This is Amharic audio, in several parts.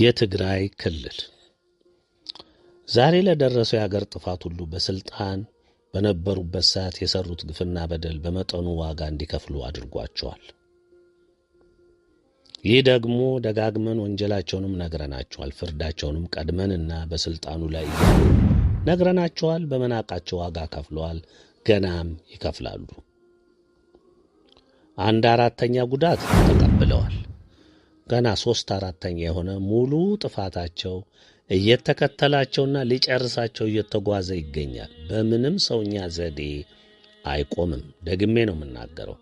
የትግራይ ክልል ዛሬ ለደረሰው የአገር ጥፋት ሁሉ በስልጣን በነበሩበት ሰዓት የሰሩት ግፍና በደል በመጠኑ ዋጋ እንዲከፍሉ አድርጓቸዋል። ይህ ደግሞ ደጋግመን ወንጀላቸውንም ነግረናቸዋል። ፍርዳቸውንም ቀድመንና በስልጣኑ ላይ እያሉ ነግረናቸዋል። በመናቃቸው ዋጋ ከፍለዋል፣ ገናም ይከፍላሉ። አንድ አራተኛ ጉዳት ተቀብለዋል። ገና ሶስት አራተኛ የሆነ ሙሉ ጥፋታቸው እየተከተላቸውና ሊጨርሳቸው እየተጓዘ ይገኛል። በምንም ሰውኛ ዘዴ አይቆምም። ደግሜ ነው የምናገረው።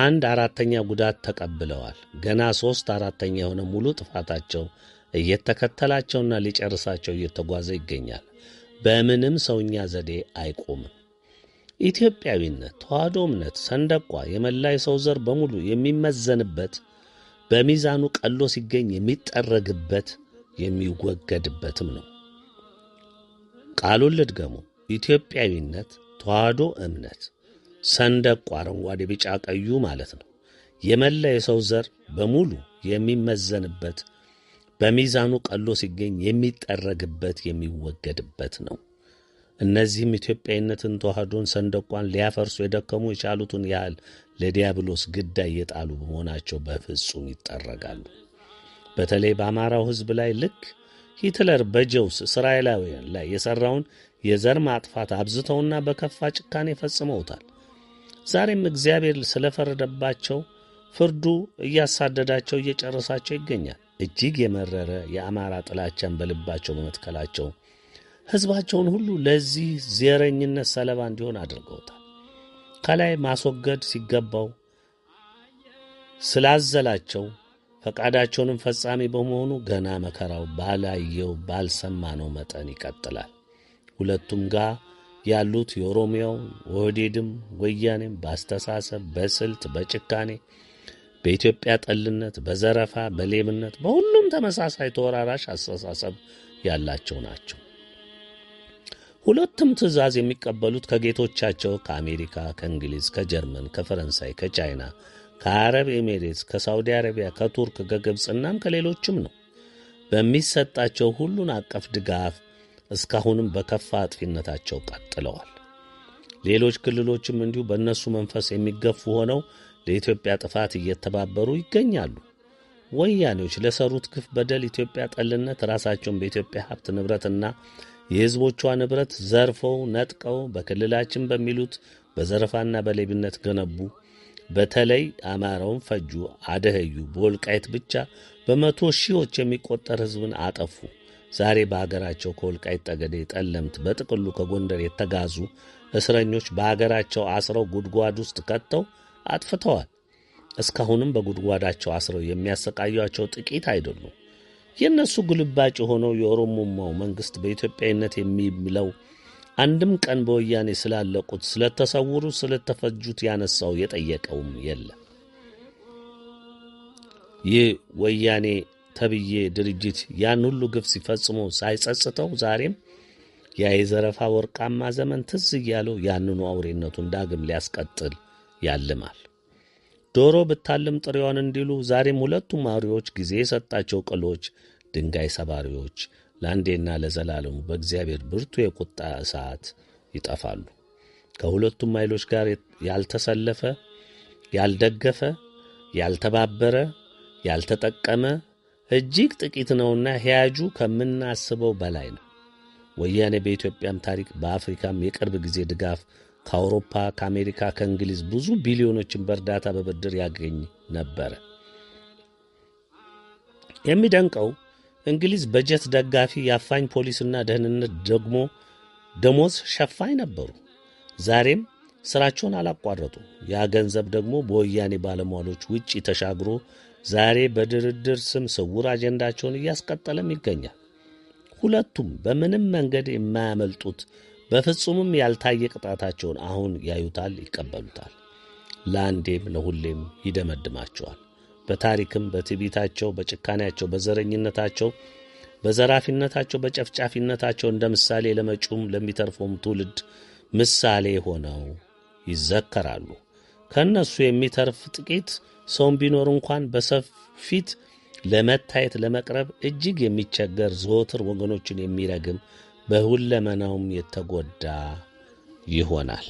አንድ አራተኛ ጉዳት ተቀብለዋል። ገና ሶስት አራተኛ የሆነ ሙሉ ጥፋታቸው እየተከተላቸውና ሊጨርሳቸው እየተጓዘ ይገኛል። በምንም ሰውኛ ዘዴ አይቆምም። ኢትዮጵያዊነት፣ ተዋህዶ እምነት፣ ሰንደቋ የመላይ ሰው ዘር በሙሉ የሚመዘንበት በሚዛኑ ቀሎ ሲገኝ የሚጠረግበት የሚወገድበትም ነው። ቃሉን ልድገሙ። ኢትዮጵያዊነት፣ ተዋህዶ እምነት፣ ሰንደቁ አረንጓዴ፣ ቢጫ፣ ቀዩ ማለት ነው። የመላ የሰው ዘር በሙሉ የሚመዘንበት በሚዛኑ ቀሎ ሲገኝ የሚጠረግበት የሚወገድበት ነው። እነዚህም ኢትዮጵያዊነትን፣ ተዋህዶን፣ ሰንደቋን ሊያፈርሱ የደከሙ የቻሉትን ያህል ለዲያብሎስ ግዳይ የጣሉ በመሆናቸው በፍጹም ይጠረጋሉ። በተለይ በአማራው ሕዝብ ላይ ልክ ሂትለር በጀውስ እስራኤላውያን ላይ የሠራውን የዘር ማጥፋት አብዝተውና በከፋ ጭካኔ ፈጽመውታል። ዛሬም እግዚአብሔር ስለፈረደባቸው ፍርዱ እያሳደዳቸው እየጨረሳቸው ይገኛል። እጅግ የመረረ የአማራ ጥላቻን በልባቸው በመትከላቸው ሕዝባቸውን ሁሉ ለዚህ ዘረኝነት ሰለባ እንዲሆን አድርገውታል። ከላይ ማስወገድ ሲገባው ስላዘላቸው ፈቃዳቸውንም ፈጻሚ በመሆኑ ገና መከራው ባላየው ባልሰማ ነው መጠን ይቀጥላል። ሁለቱም ጋር ያሉት የኦሮሚያው ወህዴድም ወያኔም በአስተሳሰብ፣ በስልት፣ በጭካኔ፣ በኢትዮጵያ ጠልነት፣ በዘረፋ፣ በሌብነት በሁሉም ተመሳሳይ ተወራራሽ አስተሳሰብ ያላቸው ናቸው። ሁለቱም ትእዛዝ የሚቀበሉት ከጌቶቻቸው ከአሜሪካ፣ ከእንግሊዝ፣ ከጀርመን፣ ከፈረንሳይ፣ ከቻይና፣ ከአረብ ኤሜሬትስ፣ ከሳውዲ አረቢያ፣ ከቱርክ፣ ከግብፅናም ከሌሎችም ነው። በሚሰጣቸው ሁሉን አቀፍ ድጋፍ እስካሁንም በከፋ አጥፊነታቸው ቀጥለዋል። ሌሎች ክልሎችም እንዲሁ በእነሱ መንፈስ የሚገፉ ሆነው ለኢትዮጵያ ጥፋት እየተባበሩ ይገኛሉ። ወያኔዎች ለሰሩት ግፍ በደል ኢትዮጵያ ጠልነት ራሳቸውን በኢትዮጵያ ሀብት ንብረትና የሕዝቦቿ ንብረት ዘርፈው ነጥቀው በክልላችን በሚሉት በዘረፋና በሌብነት ገነቡ። በተለይ አማራውን ፈጁ፣ አደኸዩ። በወልቃይት ብቻ በመቶ ሺዎች የሚቆጠር ሕዝብን አጠፉ። ዛሬ በአገራቸው ከወልቃይት ጠገዴ፣ ጠለምት፣ በጥቅሉ ከጎንደር የተጋዙ እስረኞች በአገራቸው አስረው ጉድጓድ ውስጥ ከተው አጥፍተዋል። እስካሁንም በጉድጓዳቸው አስረው የሚያሰቃዩቸው ጥቂት አይደሉም። የእነሱ ግልባጭ የሆነው የኦሮሞማው መንግሥት በኢትዮጵያዊነት የሚምለው አንድም ቀን በወያኔ ስላለቁት፣ ስለተሰውሩ፣ ስለተፈጁት ያነሳው የጠየቀውም የለም። ይህ ወያኔ ተብዬ ድርጅት ያን ሁሉ ግፍ ሲፈጽሞ ሳይጸጽተው ዛሬም ያ የዘረፋ ወርቃማ ዘመን ትዝ እያለው ያንኑ አውሬነቱን ዳግም ሊያስቀጥል ያልማል። ዶሮ ብታልም ጥሬዋን እንዲሉ ዛሬም ሁለቱም አውሬዎች ጊዜ የሰጣቸው ቅሎች፣ ድንጋይ ሰባሪዎች ለአንዴና ለዘላለሙ በእግዚአብሔር ብርቱ የቁጣ እሳት ይጠፋሉ። ከሁለቱም ኃይሎች ጋር ያልተሰለፈ፣ ያልደገፈ፣ ያልተባበረ፣ ያልተጠቀመ እጅግ ጥቂት ነውና ሕያጁ ከምናስበው በላይ ነው። ወያኔ በኢትዮጵያም ታሪክ በአፍሪካም የቅርብ ጊዜ ድጋፍ ከአውሮፓ ከአሜሪካ፣ ከእንግሊዝ ብዙ ቢሊዮኖችን በእርዳታ በብድር ያገኝ ነበረ። የሚደንቀው እንግሊዝ በጀት ደጋፊ የአፋኝ ፖሊስና ደህንነት ደግሞ ደሞዝ ሸፋኝ ነበሩ። ዛሬም ስራቸውን አላቋረጡ። ያ ገንዘብ ደግሞ በወያኔ ባለሟሎች ውጪ ተሻግሮ ዛሬ በድርድር ስም ስውር አጀንዳቸውን እያስቀጠለም ይገኛል። ሁለቱም በምንም መንገድ የማያመልጡት በፍጹምም ያልታየ ቅጣታቸውን አሁን ያዩታል፣ ይቀበሉታል። ለአንዴም ለሁሌም ይደመድማቸዋል። በታሪክም በትዕቢታቸው፣ በጭካኔያቸው፣ በዘረኝነታቸው፣ በዘራፊነታቸው፣ በጨፍጫፊነታቸው እንደ ምሳሌ ለመጪውም ለሚተርፎም ትውልድ ምሳሌ ሆነው ይዘከራሉ። ከእነሱ የሚተርፍ ጥቂት ሰውም ቢኖር እንኳን በሰፊት ለመታየት ለመቅረብ እጅግ የሚቸገር ዘወትር ወገኖችን የሚረግም በሁለመናውም የተጎዳ ይሆናል።